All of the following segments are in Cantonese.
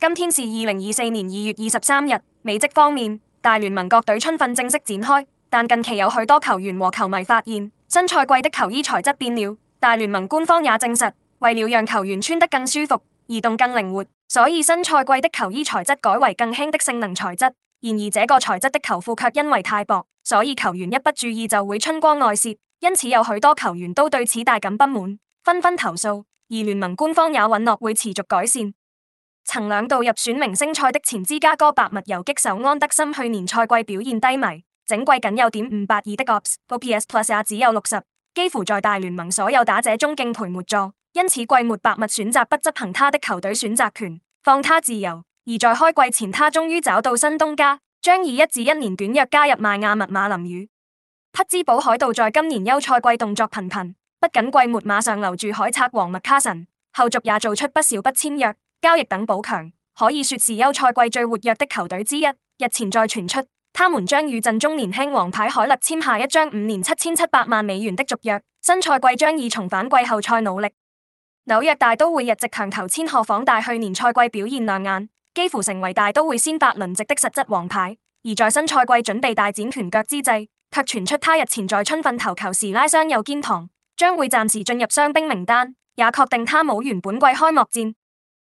今天是二零二四年二月二十三日。美職方面，大聯盟各隊春訓正式展開，但近期有許多球員和球迷發現新賽季的球衣材質變了。大聯盟官方也證實，為了讓球員穿得更舒服、移動更靈活，所以新賽季的球衣材質改為更輕的性能材質。然而，這個材質的球褲卻因為太薄，所以球員一不注意就會春光外泄，因此有許多球員都對此大感不滿，紛紛投訴。而聯盟官方也允諾會持續改善。曾兩度入選明星賽的前芝加哥白襪游擊手安德森，去年賽季表現低迷，整季僅有點五八二的 OPS，OPS Plus 也只有六十，幾乎在大聯盟所有打者中敬陪末座。因此季末白襪選擇不執行他的球隊選擇權，放他自由。而在開季前，他終於找到新東家，將以一至一年短約加入邁亞密馬林魚。匹茲堡海盜在今年休賽季動作頻頻，不僅季末馬上留住海賊王麥卡臣，後續也做出不少不簽約。交易等補強，可以說是休賽季最活躍的球隊之一。日前再傳出，他們將與陣中年輕王牌海勒簽下一張五年七千七百萬美元的續約，新賽季將以重返季後賽努力。紐約大都會日籍強投千賀滉大，去年賽季表現亮眼，幾乎成為大都會先發輪值的實質王牌。而在新賽季準備大展拳腳之際，卻傳出他日前在春訓投球時拉傷右肩膀，將會暫時進入傷兵名單，也確定他冇緣本季開幕戰。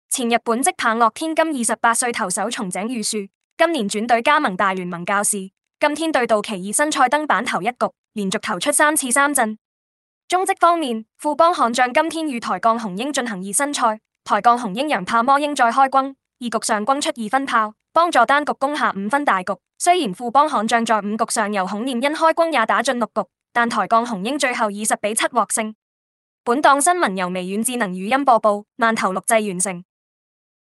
前日本職棒樂天金二十八歲投手松井裕樹，今年轉隊加盟大聯盟教士。今天對道奇二新賽登板投一局，連續投出三次三振。中職方面，富邦悍將今天與台鋼雄鷹進行二新賽，台鋼雄鷹洋炮魔鷹再開轟，二局上轟出二分炮，幫助單局攻下五分大局。雖然富邦悍將在五局上由孔念恩開轟也打進六局，但台鋼雄鷹最後以十比七獲勝。本檔新聞由微軟智能語音播報，慢投錄製完成。